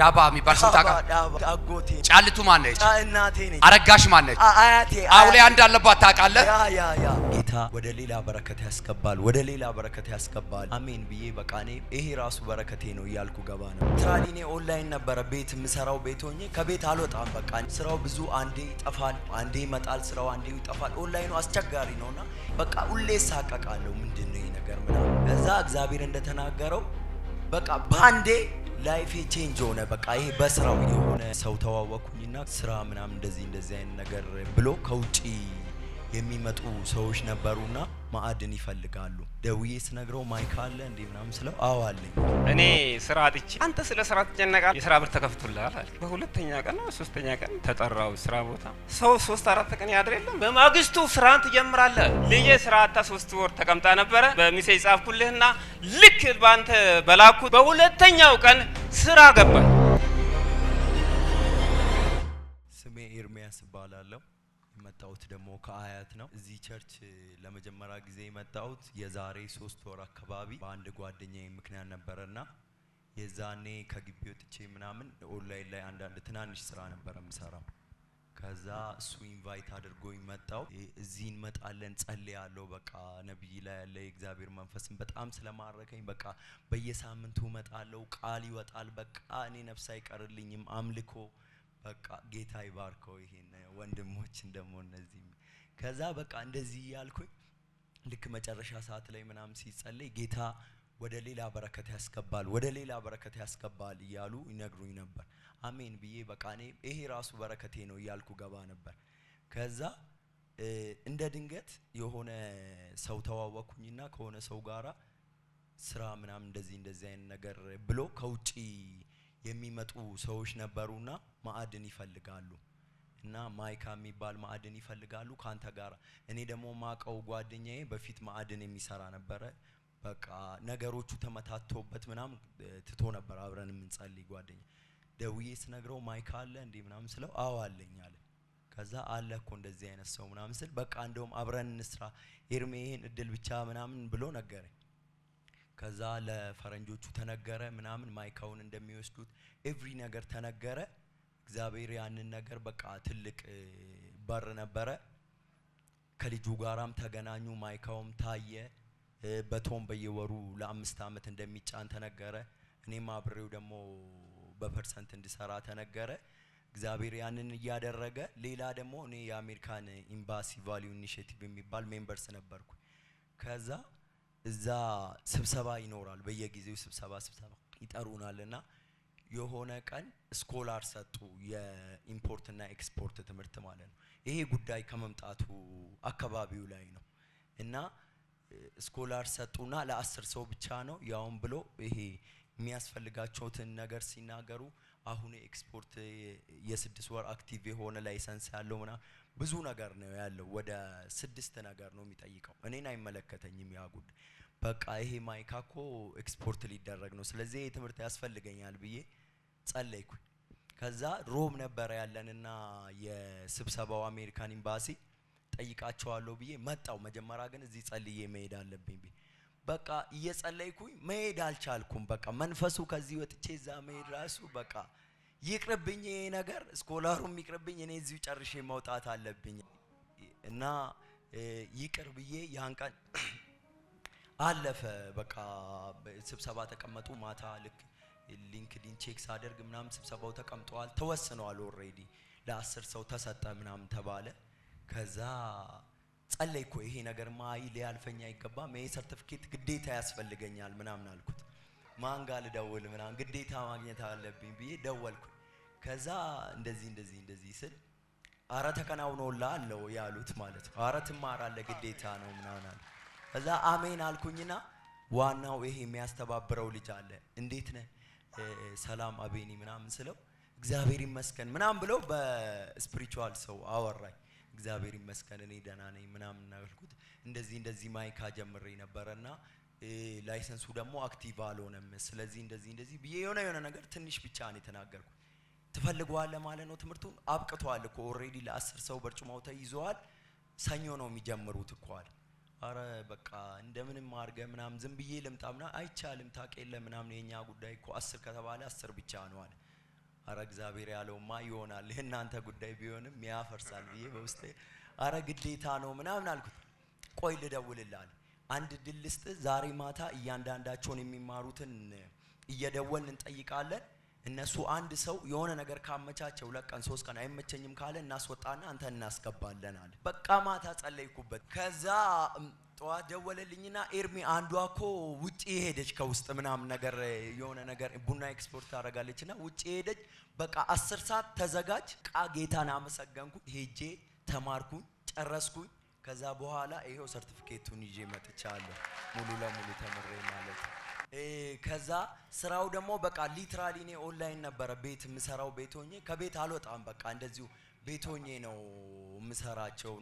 ዳባ የሚባል ስም ታውቃለህ? ጫልቱ ማነች? አረጋሽ ማነች? አውሌ አንድ አለባት ታውቃለህ? ጌታ ወደ ሌላ በረከት ያስገባል፣ ወደ ሌላ በረከት ያስገባል። አሜን ብዬ በቃ እኔ ይሄ ራሱ በረከቴ ነው እያልኩ ገባ ነው። ስራ እኔ ኦንላይን ነበረ ቤት የምሰራው ቤት ሆኜ ከቤት አልወጣም። በቃ ስራው ብዙ አንዴ ይጠፋል፣ አንዴ ይመጣል፣ ስራው አንዴ ይጠፋል። ኦንላይኑ አስቸጋሪ ነውና በቃ ሁሌ ሳቀቃለሁ። ምንድን ነው ይሄ ነገር ምናምን። እግዚአብሔር እንደተናገረው በቃ በአንዴ ላይፌ ቼንጅ ሆነ። በቃ ይሄ በስራው የሆነ ሰው ተዋወቅኩኝና ስራ ምናምን እንደዚህ እንደዚህ አይነት ነገር ብሎ ከውጭ የሚመጡ ሰዎች ነበሩና ማዕድን ይፈልጋሉ። ደውዬ ስነግረው ማይክ አለ እንዴ ምናምን ስለው አዎ አለኝ። እኔ ስራ አጥቼ አንተ ስለ ስራ ትጨነቃለህ፣ የስራ ብር ተከፍቶልሃል አለ። በሁለተኛ ቀን ነው ሶስተኛ ቀን ተጠራው ስራ ቦታ። ሰው ሶስት አራት ቀን ያድር የለም በማግስቱ ስራን ትጀምራለህ። ልጄ ስራ አታ ሶስት ወር ተቀምጣ ነበረ። በሚሴ ጻፍኩልህና ልክ በአንተ በላኩ በሁለተኛው ቀን ስራ ገባኝ። ስሜ ኤርሚያስ እባላለሁ። የመጣሁት ደግሞ ከአያት ነው። እዚህ ቸርች ለመጀመሪያ ጊዜ የመጣሁት የዛሬ ሶስት ወር አካባቢ በአንድ ጓደኛዬ ምክንያት ነበረና የዛኔ ከግቢ ወጥቼ ምናምን ኦንላይን ላይ አንዳንድ ትናንሽ ስራ ነበረ የምሰራው ከዛ እሱ ኢንቫይት አድርጎኝ መጣው። እዚህ እንመጣለን ጸልያለሁ። በቃ ነብይ ላይ ያለ የእግዚአብሔር መንፈስን በጣም ስለማረከኝ በቃ በየሳምንቱ እመጣለሁ። ቃል ይወጣል። በቃ እኔ ነፍስ አይቀርልኝም አምልኮ በቃ ጌታ ይባርከው። ይሄን ወንድሞችን ደግሞ እነዚህ ከዛ በቃ እንደዚህ ያልኩኝ ልክ መጨረሻ ሰዓት ላይ ምናምን ሲጸለይ ጌታ ወደ ሌላ በረከት ያስገባል፣ ወደ ሌላ በረከት ያስገባል እያሉ ይነግሩኝ ነበር። አሜን ብዬ በቃ እኔ ይሄ ራሱ በረከቴ ነው እያልኩ ገባ ነበር። ከዛ እንደ ድንገት የሆነ ሰው ተዋወኩኝና ከሆነ ሰው ጋራ ስራ ምናምን እንደዚህ እንደዚህ አይነት ነገር ብሎ ከውጭ የሚመጡ ሰዎች ነበሩና ማዕድን ይፈልጋሉ እና ማይካ የሚባል ማዕድን ይፈልጋሉ ከአንተ ጋር። እኔ ደግሞ ማቀው ጓደኛዬ በፊት ማዕድን የሚሰራ ነበረ በቃ ነገሮቹ ተመታቶበት ምናምን ትቶ ነበር አብረን የምንጸልይ ጓደኛ። ደውዬ ስነግረው ማይክ አለ እንዴ ምናምን ስለው አዎ አለኝ አለ። ከዛ አለ እኮ እንደዚህ አይነት ሰው ምናምን ስል በቃ እንደውም አብረን እንስራ ኤርሜ እድል ብቻ ምናምን ብሎ ነገረኝ። ከዛ ለፈረንጆቹ ተነገረ ምናምን ማይካውን እንደሚወስዱት ኤቭሪ ነገር ተነገረ። እግዚአብሔር ያንን ነገር በቃ ትልቅ በር ነበረ። ከልጁ ጋራም ተገናኙ፣ ማይካውም ታየ። በቶም በየወሩ ለአምስት ዓመት እንደሚጫን ተነገረ። እኔም አብሬው ደግሞ በፐርሰንት እንድሰራ ተነገረ። እግዚአብሔር ያንን እያደረገ ሌላ ደግሞ እኔ የአሜሪካን ኤምባሲ ቫሊዩ ኢኒሽቲቭ የሚባል ሜምበርስ ነበርኩ። ከዛ እዛ ስብሰባ ይኖራል፣ በየጊዜው ስብሰባ ስብሰባ ይጠሩናል እና የሆነ ቀን ስኮላር ሰጡ፣ የኢምፖርትና ኤክስፖርት ትምህርት ማለት ነው። ይሄ ጉዳይ ከመምጣቱ አካባቢው ላይ ነው እና ስኮላር ሰጡና ለአስር ሰው ብቻ ነው ያውን ብሎ ይሄ የሚያስፈልጋቸውትን ነገር ሲናገሩ አሁን ኤክስፖርት የስድስት ወር አክቲቭ የሆነ ላይሰንስ ያለው ምና ብዙ ነገር ነው ያለው። ወደ ስድስት ነገር ነው የሚጠይቀው። እኔን አይመለከተኝም ያጉድ በቃ ይሄ ማይካ ኤክስፖርት ሊደረግ ነው፣ ስለዚህ ይሄ ትምህርት ያስፈልገኛል ብዬ ጸለይኩኝ። ከዛ ሮም ነበረ ያለንና የስብሰባው አሜሪካን ኤምባሲ ጠይቃቸዋለሁ ብዬ መጣው። መጀመሪያ ግን እዚህ ጸልዬ መሄድ አለብኝ ብዬ በቃ እየጸለይኩኝ መሄድ አልቻልኩም። በቃ መንፈሱ ከዚህ ወጥቼ እዛ መሄድ ራሱ በቃ ይቅርብኝ፣ ይሄ ነገር ስኮላሩም ይቅርብኝ፣ እኔ እዚሁ ጨርሼ መውጣት አለብኝ እና ይቅር ብዬ ያን ቀን አለፈ። በቃ ስብሰባ ተቀመጡ። ማታ ልክ ሊንክዲን ቼክ ሳደርግ ምናምን ስብሰባው ተቀምጠዋል፣ ተወስነዋል፣ ኦሬዲ ለአስር ሰው ተሰጠ ምናምን ተባለ። ከዛ ጸለይኩ። ይሄ ማይ ሊያልፈኝ አይገባም፣ ይሄ ሰርቲፊኬት ግዴታ ያስፈልገኛል ምናምን አልኩት። ማን ጋር ልደውል ምናምን ግዴታ ማግኘት አለብኝ ብዬ ደወልኩ። ከዛ እንደዚህ እንደዚህ እንደዚህ ስል አረ ተከናውኖላ አለው ያሉት ማለት ነው። አረ ትማራለህ ግዴታ ነው ምናምን አለ። ከዛ አሜን አልኩኝና ዋናው ይሄ የሚያስተባብረው ልጅ አለ። እንዴት ነ ሰላም አቤኒ ምናምን ስለው እግዚአብሔር ይመስገን ምናምን ብለው በስፒሪቹዋል ሰው አወራኝ። እግዚአብሔር ይመስገን እኔ ደህና ነኝ ምናምን እናልኩት። እንደዚህ እንደዚህ ማይካ ጀምሬ ነበረና ላይሰንሱ ደግሞ አክቲቭ አልሆነም። ስለዚህ እንደዚህ እንደዚህ ብዬ የሆነ የሆነ ነገር ትንሽ ብቻ ነው የተናገርኩት። ትፈልገዋለ ማለት ነው። ትምህርቱን አብቅተዋል እኮ ኦሬዲ ለአስር ሰው በርጭማው ተይዘዋል። ሰኞ ነው የሚጀምሩት እኳል አረ በቃ እንደምንም አርገ ምናም ዝም ብዬ ልምጣ አይቻልም። ታውቅ የለ ምናምን የኛ ጉዳይ እኮ አስር ከተባለ አስር ብቻ ነው አለ አረ እግዚአብሔር ያለውማ ይሆናል የእናንተ ጉዳይ ቢሆንም ያፈርሳል ብዬ በውስጤ አረ ግዴታ ነው ምናምን አልኩት። ቆይ ልደውልልሃል፣ አንድ ድል ስጥ። ዛሬ ማታ እያንዳንዳቸውን የሚማሩትን እየደወልን እንጠይቃለን። እነሱ አንድ ሰው የሆነ ነገር ካመቻቸው ሁለት ቀን ሶስት ቀን አይመቸኝም ካለ እናስወጣና አንተ እናስገባለን አለ። በቃ ማታ ጸለይኩበት። ከዛ ጠዋት ደወለልኝና ኤርሚ አንዷ ኮ ውጭ ሄደች ከውስጥ ምናምን ነገር የሆነ ነገር ቡና ኤክስፖርት ታደርጋለች እና ውጭ ሄደች። በቃ አስር ሰዓት ተዘጋጅ። ቃ ጌታን አመሰገንኩ። ሄጄ ተማርኩኝ፣ ጨረስኩኝ። ከዛ በኋላ ይሄው ሰርቲፊኬቱን ይዤ መጥቻለሁ። ሙሉ ለሙሉ ተምሬ ማለት ነው። ከዛ ስራው ደግሞ በቃ ሊትራሊ እኔ ኦንላይን ነበረ ቤት የምሰራው። ቤት ሆኜ ከቤት አልወጣም። በቃ እንደዚሁ ቤት ሆኜ ነው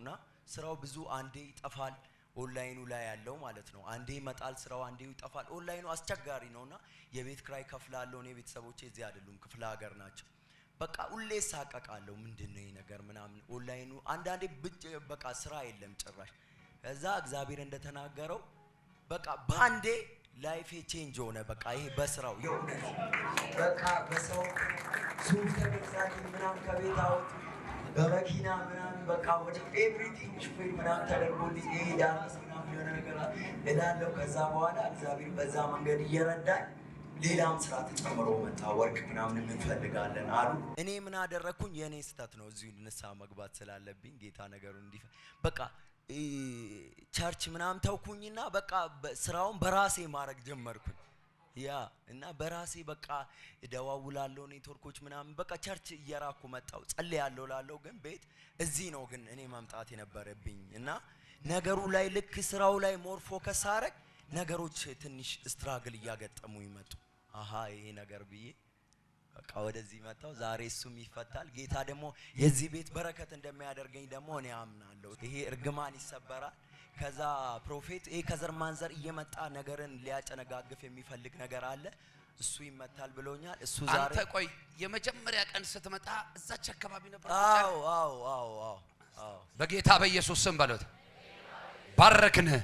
እና ስራው ብዙ አንዴ ይጠፋል ኦንላይኑ ላይ ያለው ማለት ነው። አንዴ ይመጣል ስራው፣ አንዴ ይጠፋል። ኦንላይኑ አስቸጋሪ ነውና የቤት ክራይ ከፍላለሁ። እኔ ቤተሰቦቼ እዚህ አይደሉም፣ ክፍለ ሀገር ናቸው። በቃ ሁሌ ሳቀቃለሁ። ምንድን ነው ይሄ ነገር ምናምን። ኦንላይኑ አንዳንዴ ብጭ በቃ ስራ የለም ጭራሽ። ከዛ እግዚአብሔር እንደተናገረው በቃ በአንዴ ላይፌ ቼንጅ ሆነ። በቃ ይሄ በስራው በቃ በሰው ሱፍ ተመሳኪ ምናምን ከቤት አውጥ በመኪና ምናምን በቃ ወደ ኤቭሪቲንግ ሹፌር ምናምን ተደርጎልኝ ይሄዳል ምናምን የሆነ ነገር እላለሁ። ከዛ በኋላ እግዚአብሔር በዛ መንገድ እየረዳኝ ሌላም ስራ ተጨምሮ መጣ። ወርቅ ምናምን እንፈልጋለን አሉ። እኔ ምን አደረግኩኝ? የእኔ ስህተት ነው። እዚሁ ንስሐ መግባት ስላለብኝ ጌታ ነገሩ እንዲፈ በቃ ቸርች ምናምን ተውኩኝና በቃ ስራውን በራሴ ማድረግ ጀመርኩኝ። ያ እና በራሴ በቃ እደዋውላለሁ ኔትወርኮች ምናምን በቃ ቸርች እየራኩ መጣው ያለው ላለው ግን ቤት እዚህ ነው ግን እኔ መምጣት የነበረብኝ እና ነገሩ ላይ ልክ ስራው ላይ ሞር ፎከስ አረግ ነገሮች ትንሽ ስትራግል እያገጠሙ ይመጡ። አሀ ይሄ ነገር ብዬ በቃ ወደዚህ መጣው። ዛሬ እሱም ይፈታል። ጌታ ደግሞ የዚህ ቤት በረከት እንደሚያደርገኝ ደግሞ እኔ አምናለሁ። ይሄ እርግማን ይሰበራል። ከዛ ፕሮፌት ይሄ ከዘር ማንዘር እየመጣ ነገርን ሊያጨነጋግፍ የሚፈልግ ነገር አለ፣ እሱ ይመታል ብሎኛል። እሱ ዛሬ አንተ ቆይ፣ የመጀመሪያ ቀን ስትመጣ እዛች አካባቢ ነበር። አዎ አዎ አዎ አዎ። በጌታ በኢየሱስ ስም በሉት። ባረክንህ።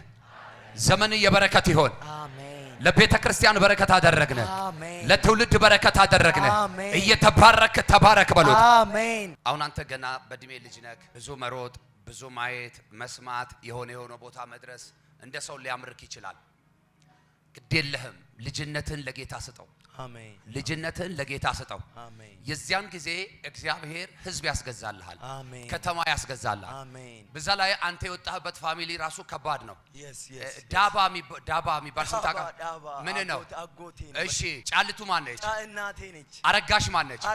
ዘመን የበረከት ይሆን። ለቤተ ክርስቲያን በረከት አደረግነ። ለትውልድ በረከት አደረግነ። እየተባረክ ተባረክ በሉት። አሜን። አሁን አንተ ገና በእድሜ ልጅ ነክ ብዙ መሮጥ ብዙ ማየት፣ መስማት፣ የሆነ የሆነ ቦታ መድረስ እንደ ሰው ሊያምርክ ይችላል። ግዴለህም። ልጅነትን ለጌታ ስጠው። አሜን። ልጅነትን ለጌታ ስጠው። አሜን። የዚያን ጊዜ እግዚአብሔር ህዝብ ያስገዛልሃል፣ ከተማ ያስገዛልሃል። አሜን። በዛ ላይ አንተ የወጣህበት ፋሚሊ ራሱ ከባድ ነው። ዳባ ዳባ የሚባል ስንታቃ ምን ነው? እሺ፣ ጫልቱ ማን ነች? እናቴ ነች። አረጋሽ ማን ነች?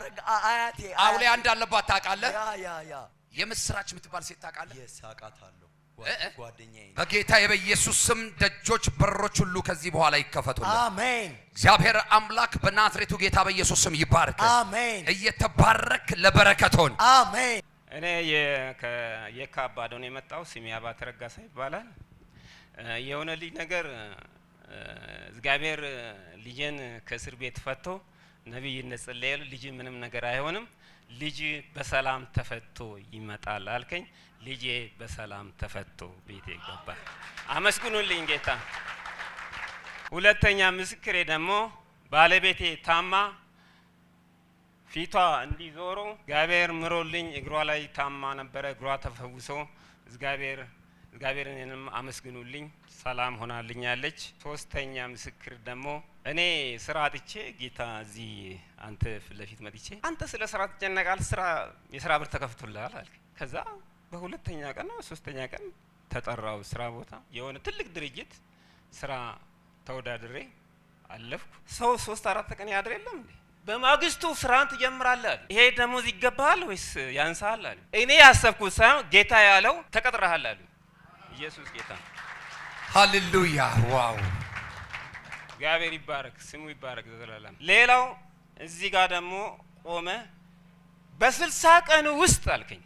አያቴ አውሌ አንድ አለባት ታውቃለህ? ያ ያ ያ የምስራች የምትባል ሴት ታውቃለህ? የሳቃታለሁ ጓደኛዬ በጌታ በኢየሱስ ስም ደጆች በሮች ሁሉ ከዚህ በኋላ ይከፈቱልህ። አሜን። እግዚአብሔር አምላክ በናዝሬቱ ጌታ በኢየሱስ ስም ይባርክ። አሜን። እየተባረክ ለበረከት ሆን። አሜን። እኔ የካ አባዶ ነው የመጣው። ስሜ አባት ረጋሳ ይባላል። የሆነ ልጅ ነገር እግዚአብሔር ልጄን ከእስር ቤት ፈቶ ነቢይ እንጸልያለሁ ልጅ ምንም ነገር አይሆንም ልጅ በሰላም ተፈቶ ይመጣል አልከኝ። ልጄ በሰላም ተፈቶ ቤቴ ይገባል። አመስግኑልኝ ጌታ። ሁለተኛ ምስክሬ ደግሞ ባለቤቴ ታማ ፊቷ እንዲህ ዞሮ እግዚአብሔር ምሮልኝ እግሯ ላይ ታማ ነበረ። እግሯ ተፈውሶ እግዚአብሔር እግዚአብሔርንም አመስግኑልኝ ሰላም ሆናልኛለች። ሶስተኛ ምስክር ደግሞ እኔ ስራ አጥቼ ጌታ እዚህ አንተ ፊት ለፊት መጥቼ አንተ ስለ ስራ ትጨነቃል፣ ስራ የስራ ብር ተከፍቶልሃል አልክ። ከዛ በሁለተኛ ቀን ነው ሶስተኛ ቀን ተጠራው ስራ ቦታ የሆነ ትልቅ ድርጅት ስራ ተወዳድሬ አለፍኩ። ሰው ሶስት አራት ቀን ያድር የለም እንዴ? በማግስቱ ስራን ትጀምራለህ አለ። ይሄ ደሞዝ ይገባሃል ወይስ ያንሳሃል አለ። እኔ ያሰብኩት ሳይሆን ጌታ ያለው ተቀጥረሃል አሉ። ኢየሱስ ጌታ። ሃሌሉያ ዋው እግዚአብሔር ይባረክ፣ ስሙ ይባረክ ዘላለም። ሌላው እዚህ ጋር ደግሞ ቆመ። በስልሳ ቀን ውስጥ አልከኝ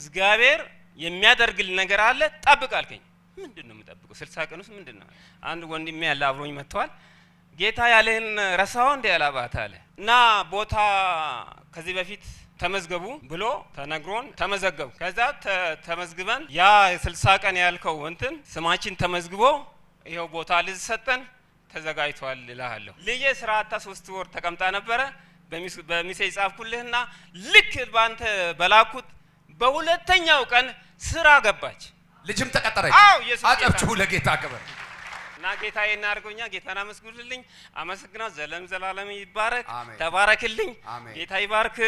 እግዚአብሔር የሚያደርግል ነገር አለ ጠብቅ አልከኝ። ምንድን ነው የምጠብቀው? ስልሳ ቀን ውስጥ ምንድን ነው? አንድ ወንድሜ ያለ አብሮኝ መጥተዋል። ጌታ ያለህን ረሳው እንደ ያላባት አለ እና ቦታ ከዚህ በፊት ተመዝገቡ ብሎ ተነግሮን ተመዘገቡ። ከዛ ተመዝግበን ያ ስልሳ ቀን ያልከው እንትን ስማችን ተመዝግቦ ይኸው ቦታ ልዝ ሰጠን። ተዘጋጅቷል እልሃለሁ። ልጄ ስራ አጥታ ሶስት ወር ተቀምጣ ነበረ። በሚሴጅ ጻፍኩልህና ልክ በአንተ በላኩት በሁለተኛው ቀን ስራ ገባች፣ ልጅም ተቀጠረች። አዎ አጨብጭቡ ለጌታ ክብር እና ጌታ ይህን አድርጎኛ። ጌታን አመስግኑልኝ። አመሰግና ዘለም ዘላለም ይባረክ። ተባረክልኝ። ጌታ ይባርክ።